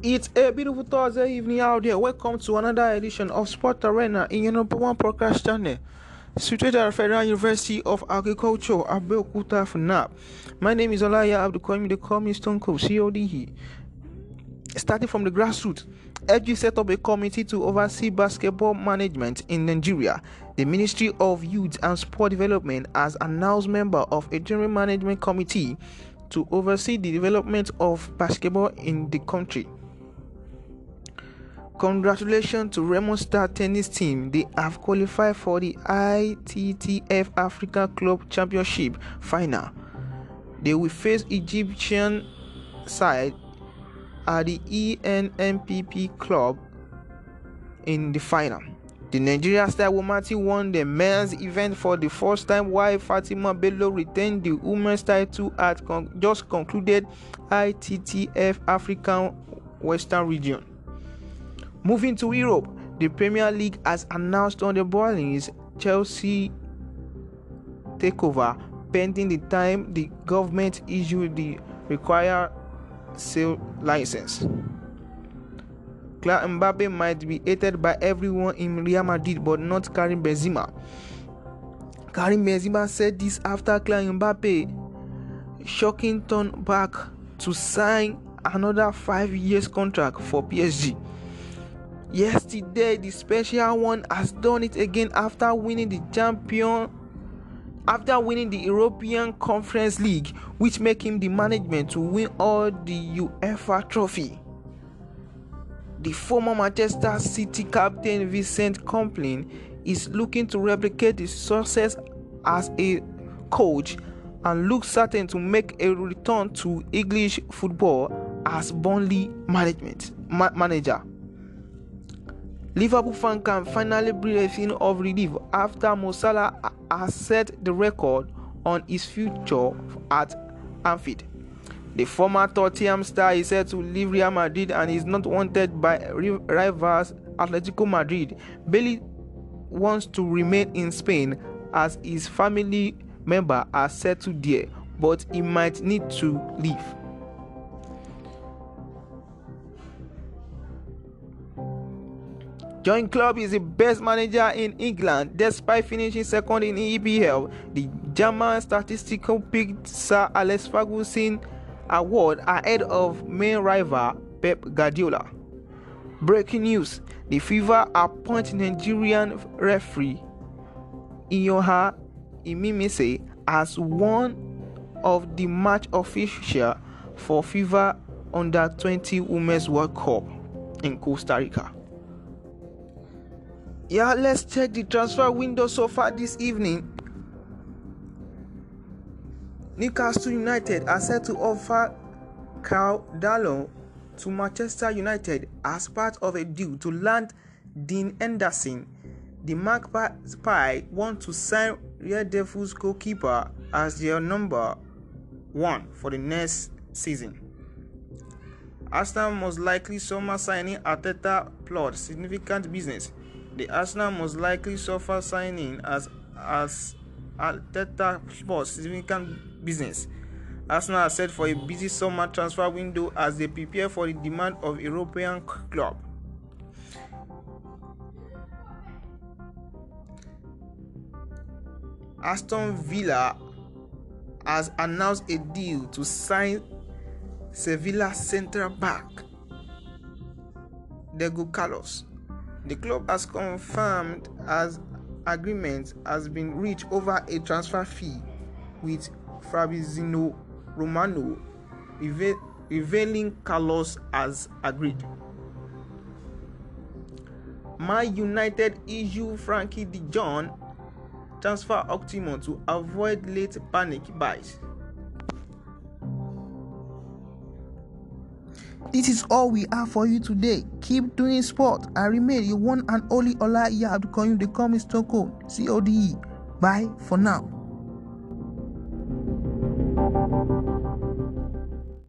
It's a beautiful Thursday evening out there. Welcome to another edition of Sport Arena in your number one podcast channel, situated at Federal University of Agriculture, Abeokuta, FNAP. My name is Olaya Abdukoyim, the co Stone Co. CODE. Starting from the grassroots, EDU set up a committee to oversee basketball management in Nigeria. The Ministry of Youth and Sport Development has announced member of a general management committee to oversee the development of basketball in the country. Congratulations to Remo Star Tennis Team. They have qualified for the ITTF Africa Club Championship final. They will face Egyptian side at the ENMPP Club in the final. The Nigeria star Womati won the men's event for the first time while Fatima Bello retained the women's title at con- just concluded ITTF African Western Region. Moving to Europe, the Premier League has announced on the Berlin's Chelsea takeover pending the time the government issued the required sale license. Claire Mbappe might be hated by everyone in Real Madrid but not Karim Benzema. Karim Benzema said this after Claire Mbappe shocking turn back to sign another 5 years contract for PSG. Yesterday, the special one has done it again after winning the champion after winning the European Conference League, which make him the management to win all the UEFA trophy. The former Manchester City captain Vincent Compline is looking to replicate his success as a coach and looks certain to make a return to English football as Burnley management ma- manager. Liverpool fans can finally breathe a sigh of relief after Mo Salah has set the record on his future at Anfield. The former Tottenham star is set to leave Real Madrid and is not wanted by rivals Atletico Madrid. Bailey wants to remain in Spain as his family member are settled there, but he might need to leave. Join club is the best manager in England despite finishing second in EPL. The German statistical picked Sir Alex Ferguson award ahead of main rival Pep Guardiola. Breaking news: The FIFA appoint Nigerian referee Iyoha Imimise as one of the match official for FIFA Under 20 Women's World Cup in Costa Rica. Yeah, let's check the transfer window so far this evening. Newcastle United are set to offer Carl Dallon to Manchester United as part of a deal to land Dean Anderson. The Magpie want to sign Red Devils goalkeeper as their number one for the next season. Aston most likely summer signing Ateta plot significant business the Arsenal most likely suffer signing as as Arteta sports significant business. Arsenal are set for a busy summer transfer window as they prepare for the demand of European club. Aston Villa has announced a deal to sign Sevilla central back Diego Carlos the club has confirmed as agreement has been reached over a transfer fee with Fabrizio Romano, revealing Carlos as agreed. Man United issue Frankie De Jong transfer optimum to avoid late panic buys. This is all we have for you today. Keep doing sport and remain your one and only Ola Yabdukoyun, the coming Stockholm, CODE. Bye for now.